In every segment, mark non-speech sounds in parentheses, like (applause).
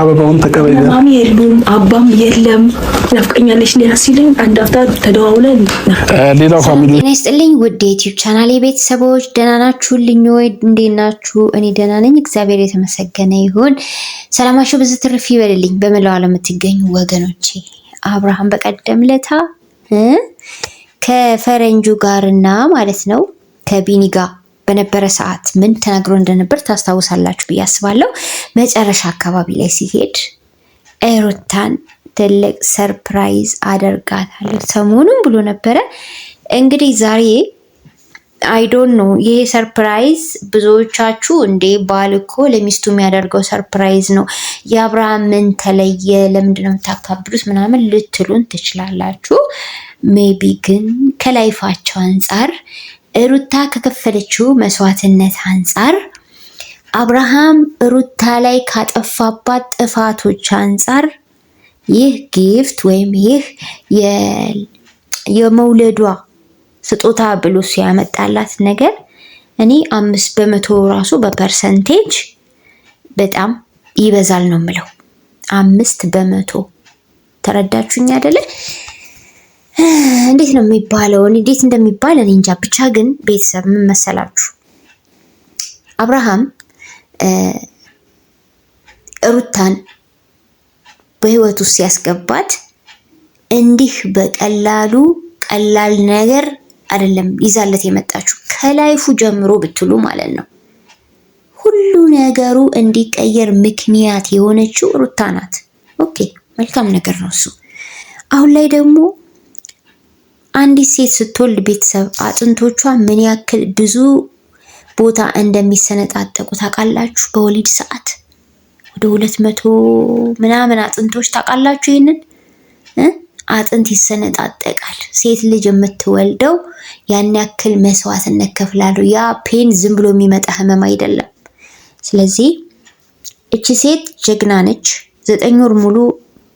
አበባውን ተቀበይ። ማሚ የሉም አባም የለም። ናፍቀኛለች አንድ አፍታ ተደዋውለን ሌላው ፋሚሊ ውድ ቻናል የቤተሰቦች ደህና ናችሁልኝ ወይ? እንዴት ናችሁ? እኔ ደህና ነኝ፣ እግዚአብሔር የተመሰገነ ይሁን። ሰላማችሁ ብዙ ትርፍ ይበልልኝ በመላው ዓለም የምትገኙ ወገኖቼ። አብርሃም በቀደም ለታ ከፈረንጁ ጋርና ማለት ነው ከቢኒ ጋር በነበረ ሰዓት ምን ተናግሮ እንደነበር ታስታውሳላችሁ ብዬ አስባለሁ። መጨረሻ አካባቢ ላይ ሲሄድ ሩታን ትልቅ ሰርፕራይዝ አደርጋታለሁ ሰሞኑን ብሎ ነበረ። እንግዲህ ዛሬ አይዶን ነው ይሄ ሰርፕራይዝ። ብዙዎቻችሁ እንዴ ባል እኮ ለሚስቱ የሚያደርገው ሰርፕራይዝ ነው፣ የአብርሃም ምን ተለየ? ለምንድነው የምታካብሉት? ምናምን ልትሉን ትችላላችሁ። ሜቢ ግን ከላይፋቸው አንጻር ሩታ ከከፈለችው መስዋዕትነት አንጻር አብርሃም ሩታ ላይ ካጠፋባት ጥፋቶች አንጻር ይህ ጊፍት ወይም ይህ የመውለዷ ስጦታ ብሎ ሲያመጣላት ነገር እኔ አምስት በመቶ ራሱ በፐርሰንቴጅ በጣም ይበዛል ነው የምለው። አምስት በመቶ ተረዳችሁኝ አይደለ? እንዴት ነው የሚባለው? እንዴት እንደሚባል እኔ እንጃ። ብቻ ግን ቤተሰብ ምን መሰላችሁ፣ አብርሃም ሩታን በህይወቱ ሲያስገባት እንዲህ በቀላሉ ቀላል ነገር አይደለም ይዛለት የመጣችሁ ከላይፉ ጀምሮ ብትሉ ማለት ነው። ሁሉ ነገሩ እንዲቀየር ምክንያት የሆነችው ሩታ ናት። ኦኬ መልካም ነገር ነው እሱ። አሁን ላይ ደግሞ አንዲት ሴት ስትወልድ ቤተሰብ አጥንቶቿ ምን ያክል ብዙ ቦታ እንደሚሰነጣጠቁ ታውቃላችሁ? በወሊድ ሰዓት ወደ ሁለት መቶ ምናምን አጥንቶች ታውቃላችሁ? ይህንን አጥንት ይሰነጣጠቃል። ሴት ልጅ የምትወልደው ያን ያክል መስዋዕትነት ከፍላሉ። ያ ፔን ዝም ብሎ የሚመጣ ህመም አይደለም። ስለዚህ እቺ ሴት ጀግና ነች። ዘጠኝ ወር ሙሉ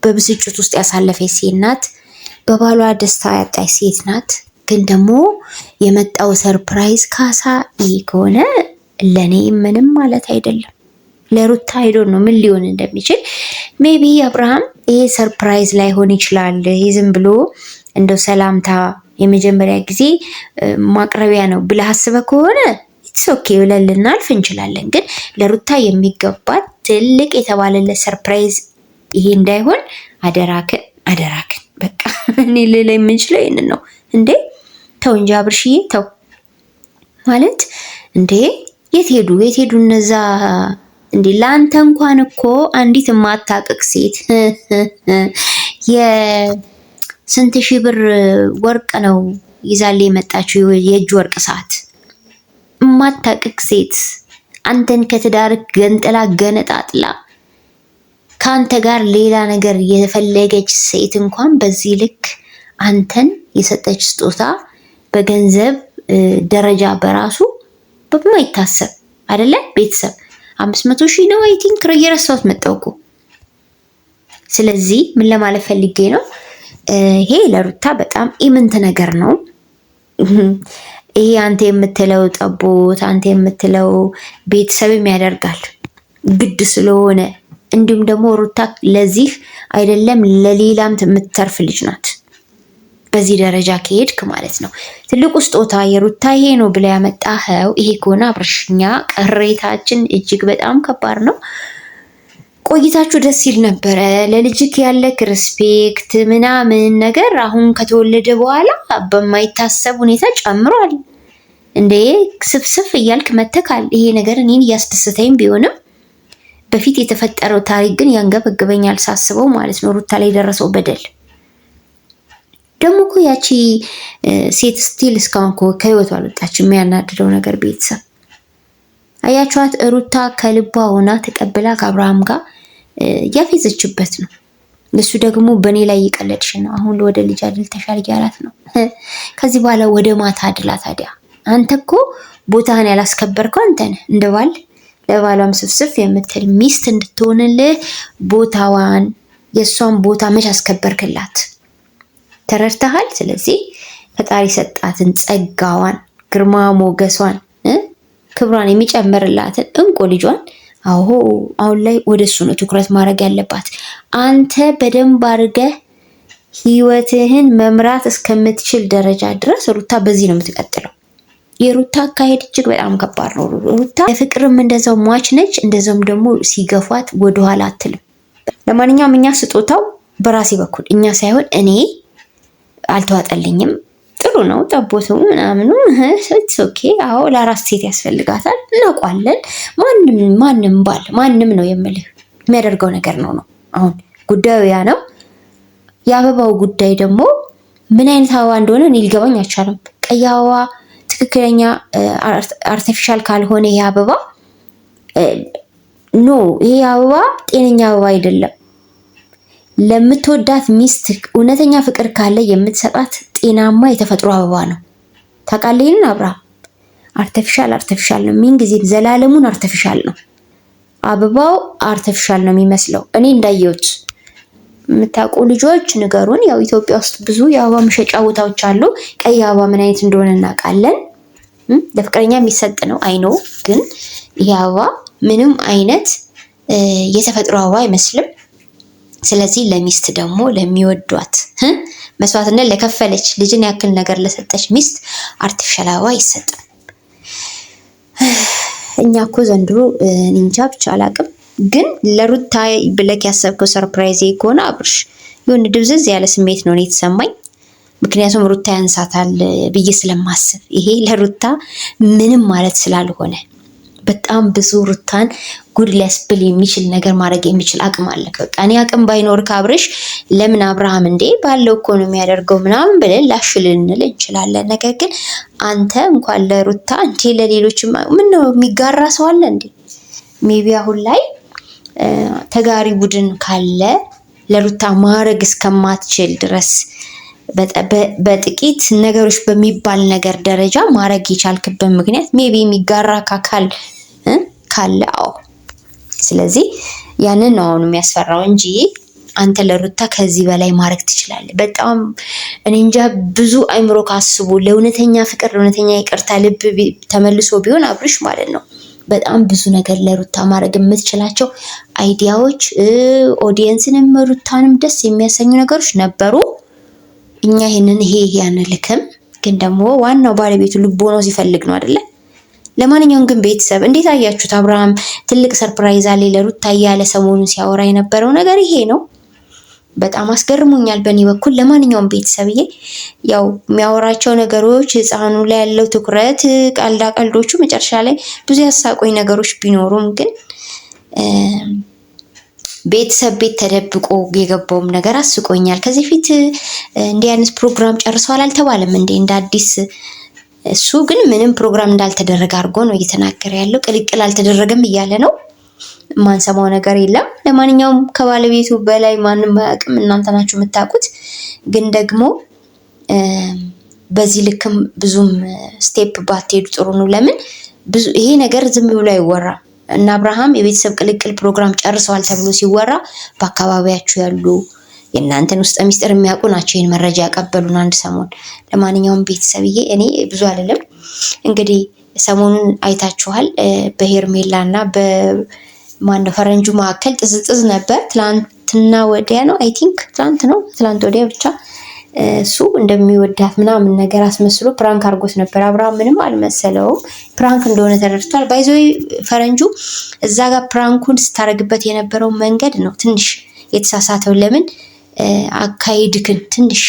በብስጭት ውስጥ ያሳለፈች ሴት ናት። በባሏ ደስታ ያጣች ሴት ናት። ግን ደግሞ የመጣው ሰርፕራይዝ ካሳ ይ ከሆነ ለእኔ ምንም ማለት አይደለም። ለሩታ አይዶ ነው ምን ሊሆን እንደሚችል ሜቢ አብርሃም ይሄ ሰርፕራይዝ ላይሆን ይችላል። ይሄ ዝም ብሎ እንደው ሰላምታ የመጀመሪያ ጊዜ ማቅረቢያ ነው ብለ አስበህ ከሆነ ኢትስ ኦኬ ብለን ልናልፍ እንችላለን። ግን ለሩታ የሚገባት ትልቅ የተባለለት ሰርፕራይዝ ይሄ እንዳይሆን አደራክን አደራክን በቃ እኔ ሌላ የምንችለው ይህንን ነው እንዴ! ተው እንጂ አብርሽዬ ተው ማለት እንዴ! የት ሄዱ የት ሄዱ እነዛ እንዴ! ለአንተ እንኳን እኮ አንዲት የማታቀቅ ሴት የስንት ሺህ ብር ወርቅ ነው ይዛል የመጣችው የእጅ ወርቅ ሰዓት የማታቀቅ ሴት አንተን ከትዳርክ ገንጥላ ገነጣጥላ ከአንተ ጋር ሌላ ነገር የፈለገች ሴት እንኳን በዚህ ልክ አንተን የሰጠች ስጦታ በገንዘብ ደረጃ በራሱ በማይታሰብ አይደለ? ቤተሰብ አምስት መቶ ሺህ ነው አይ ቲንክ እየረሳሁት መጣሁ እኮ። ስለዚህ ምን ለማለት ፈልጌ ነው፣ ይሄ ለሩታ በጣም ኢምንት ነገር ነው። ይሄ አንተ የምትለው ጠቦት፣ አንተ የምትለው ቤተሰብም ያደርጋል ግድ ስለሆነ። እንዲሁም ደግሞ ሩታ ለዚህ አይደለም ለሌላም የምትተርፍ ልጅ ናት። በዚህ ደረጃ ከሄድክ ማለት ነው። ትልቁ ስጦታ የሩታ ይሄ ነው ብለ ያመጣኸው ይሄ ከሆነ አብረሽኛ ቅሬታችን እጅግ በጣም ከባድ ነው። ቆይታችሁ ደስ ይል ነበረ። ለልጅክ ያለክ ሪስፔክት ምናምን ነገር አሁን ከተወለደ በኋላ በማይታሰብ ሁኔታ ጨምሯል። እንዴ ስፍስፍ እያልክ መተካል። ይሄ ነገር እኔን እያስደሰተኝ ቢሆንም በፊት የተፈጠረው ታሪክ ግን ያንገበግበኛል ሳስበው ማለት ነው ሩታ ላይ የደረሰው በደል ደግሞ እኮ ያቺ ሴት ስቲል እስካሁን ከህይወቱ አልወጣችም። የሚያናድደው ነገር ቤተሰብ አያችኋት፣ ሩታ ከልቧ ሆና ተቀብላ ከአብርሃም ጋር ያፌዘችበት ነው። እሱ ደግሞ በእኔ ላይ እየቀለድሽ ነው፣ አሁን ወደ ልጅ አድል ተሻል እያላት ነው። (laughs) ከዚህ በኋላ ወደ ማታ አድላ። ታዲያ አንተ እኮ ቦታህን ያላስከበርከው አንተ ነህ። እንደ ባል ለባሏም ስፍስፍ የምትል ሚስት እንድትሆንልህ ቦታዋን የእሷን ቦታ መች አስከበርክላት? ተረድተሃል። ስለዚህ ፈጣሪ ሰጣትን ጸጋዋን፣ ግርማ ሞገሷን፣ ክብሯን የሚጨምርላትን እንቁ ልጇን አሁ አሁን ላይ ወደ እሱ ነው ትኩረት ማድረግ ያለባት። አንተ በደንብ አድርገህ ህይወትህን መምራት እስከምትችል ደረጃ ድረስ ሩታ በዚህ ነው የምትቀጥለው። የሩታ አካሄድ እጅግ በጣም ከባድ ነው። ሩታ ለፍቅርም እንደዛው ሟች ነች፣ እንደዛውም ደግሞ ሲገፏት ወደኋላ አትልም። ለማንኛውም እኛ ስጦታው በራሴ በኩል እኛ ሳይሆን እኔ አልተዋጠልኝም። ጥሩ ነው ጠቦቱ ምናምኑ ኦኬ። አዎ ለአራት ሴት ያስፈልጋታል፣ እናውቋለን። ማንም ማንም ባል ማንም ነው የምልህ የሚያደርገው ነገር ነው ነው። አሁን ጉዳዩ ያ ነው። የአበባው ጉዳይ ደግሞ ምን አይነት አበባ እንደሆነ እኔ ሊገባኝ አይቻልም። ቀይ አበባ ትክክለኛ አርቲፊሻል ካልሆነ ይሄ አበባ ኖ ይሄ አበባ ጤነኛ አበባ አይደለም። ለምትወዳት ሚስት እውነተኛ ፍቅር ካለ የምትሰጣት ጤናማ የተፈጥሮ አበባ ነው። ታውቃለህ ይህንን አርተፊሻል አርተፊሻል ነው። ምን ጊዜም ዘላለሙን አርተፊሻል ነው። አበባው አርተፊሻል ነው የሚመስለው እኔ እንዳየሁት። የምታውቁ ልጆች ንገሩን። ያው ኢትዮጵያ ውስጥ ብዙ የአበባ መሸጫ ቦታዎች አሉ። ቀይ አበባ ምን አይነት እንደሆነ እናውቃለን። ለፍቅረኛ የሚሰጥ ነው አይኖ። ግን ይሄ አበባ ምንም አይነት የተፈጥሮ አበባ አይመስልም። ስለዚህ ለሚስት ደግሞ ለሚወዷት መስዋዕትነት ለከፈለች ልጅን ያክል ነገር ለሰጠች ሚስት አርቲፊሻል አበባ ይሰጣል። እኛ እኮ ዘንድሮ እንጃ ብቻ አላቅም፣ ግን ለሩታ ብለክ ያሰብከው ሰርፕራይዝ ከሆነ አብርሽ የሆነ ድብዝዝ ያለ ስሜት ነው የተሰማኝ። ምክንያቱም ሩታ ያንሳታል ብዬ ስለማስብ ይሄ ለሩታ ምንም ማለት ስላልሆነ በጣም ብዙ ሩታን ጉድ ሊያስብል የሚችል ነገር ማድረግ የሚችል አቅም አለ። በቃ እኔ አቅም ባይኖር ካብርሽ ለምን አብርሃም እንዴ ባለው እኮ ነው የሚያደርገው ምናምን ብለን ላሽ ልንል እንችላለን። ነገር ግን አንተ እንኳን ለሩታ እንዴ ለሌሎች ምን ነው የሚጋራ ሰው አለ እንዴ? ሜቢ አሁን ላይ ተጋሪ ቡድን ካለ ለሩታ ማድረግ እስከማትችል ድረስ በጥቂት ነገሮች በሚባል ነገር ደረጃ ማድረግ የቻልክበት ምክንያት ሜቢ የሚጋራ ካካል ካለ አዎ። ስለዚህ ያንን ነው አሁን የሚያስፈራው እንጂ አንተ ለሩታ ከዚህ በላይ ማድረግ ትችላለህ። በጣም እኔ እንጃ ብዙ አይምሮ ካስቡ ለእውነተኛ ፍቅር ለእውነተኛ ይቅርታ ልብ ተመልሶ ቢሆን አብርሽ ማለት ነው በጣም ብዙ ነገር ለሩታ ማድረግ የምትችላቸው አይዲያዎች፣ ኦዲየንስንም ሩታንም ደስ የሚያሰኙ ነገሮች ነበሩ። እኛ ይህንን ይሄ ይሄ አንልክም፣ ግን ደግሞ ዋናው ባለቤቱ ልቦ ነው ሲፈልግ ነው አይደለ ለማንኛውም ግን ቤተሰብ እንዴት አያችሁት? አብርሃም ትልቅ ሰርፕራይዝ አለ ለሩታ እያለ ሰሞኑን ሲያወራ የነበረው ነገር ይሄ ነው። በጣም አስገርሞኛል በእኔ በኩል። ለማንኛውም ቤተሰብዬ ያው የሚያወራቸው ነገሮች፣ ህፃኑ ላይ ያለው ትኩረት፣ ቀልዳ ቀልዶቹ መጨረሻ ላይ ብዙ ያሳቆኝ ነገሮች ቢኖሩም ግን ቤተሰብ ቤት ተደብቆ የገባውም ነገር አስቆኛል። ከዚህ ፊት እንዲህ አይነት ፕሮግራም ጨርሰዋል አልተባለም እንዴ? እንደ አዲስ እሱ ግን ምንም ፕሮግራም እንዳልተደረገ አድርጎ ነው እየተናገረ ያለው። ቅልቅል አልተደረገም እያለ ነው። ማንሰማው ነገር የለም። ለማንኛውም ከባለቤቱ በላይ ማንም አያውቅም፣ እናንተ ናችሁ የምታውቁት። ግን ደግሞ በዚህ ልክም ብዙም ስቴፕ ባትሄዱ ጥሩ ነው። ለምን ብዙ ይሄ ነገር ዝም ብሎ አይወራም እና አብርሃም የቤተሰብ ቅልቅል ፕሮግራም ጨርሰዋል ተብሎ ሲወራ በአካባቢያችሁ ያሉ የእናንተን ውስጥ ሚስጥር የሚያውቁ ናቸው። ይህን መረጃ ያቀበሉን አንድ ሰሞን። ለማንኛውም ቤተሰብዬ እኔ ብዙ አልልም። እንግዲህ ሰሞኑን አይታችኋል በሄርሜላ እና በማነው ፈረንጁ መካከል ጥዝጥዝ ነበር። ትላንትና ወዲያ ነው አይ ቲንክ ትላንት ነው ትላንት ወዲያ ብቻ እሱ እንደሚወዳት ምናምን ነገር አስመስሎ ፕራንክ አድርጎት ነበር። አብርሃም ምንም አልመሰለውም ፕራንክ እንደሆነ ተረድቷል። ባይዘ ፈረንጁ እዛ ጋር ፕራንኩን ስታደርግበት የነበረው መንገድ ነው ትንሽ የተሳሳተው ለምን አካሄድክን ትንሽ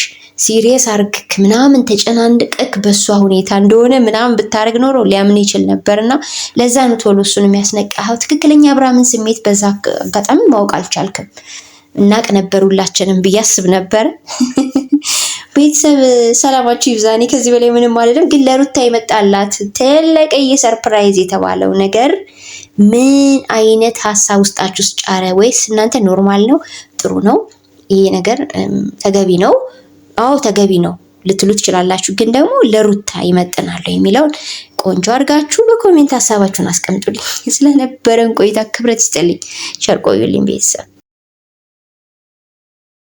ሲሪየስ አርግክ ምናምን ተጨናንቀክ በእሷ ሁኔታ እንደሆነ ምናምን ብታደርግ ኖሮ ሊያምን ይችል ነበር። እና ለዛ ነው ቶሎ እሱን የሚያስነቃኸው። ትክክለኛ አብርሃምን ስሜት በዛ አጋጣሚ ማወቅ አልቻልክም። እናቅ ነበር ሁላችንም ብዬ አስብ ነበር። (laughs) ቤተሰብ ሰላማችሁ ይብዛ። ከዚህ በላይ ምንም አይደለም፣ ግን ለሩታ ይመጣላት ትልቅ ሰርፕራይዝ የተባለው ነገር ምን አይነት ሀሳብ ውስጣችሁ ውስጥ ጫረ? ወይስ እናንተ ኖርማል ነው ጥሩ ነው? ይሄ ነገር ተገቢ ነው፣ አዎ ተገቢ ነው ልትሉ ትችላላችሁ። ግን ደግሞ ለሩታ ይመጥናሉ የሚለውን ቆንጆ አድርጋችሁ በኮሜንት ሀሳባችሁን አስቀምጡልኝ። (laughs) ስለነበረን ቆይታ ክብረት ይስጥልኝ። ቸር ቆዩልኝ ቤተሰብ።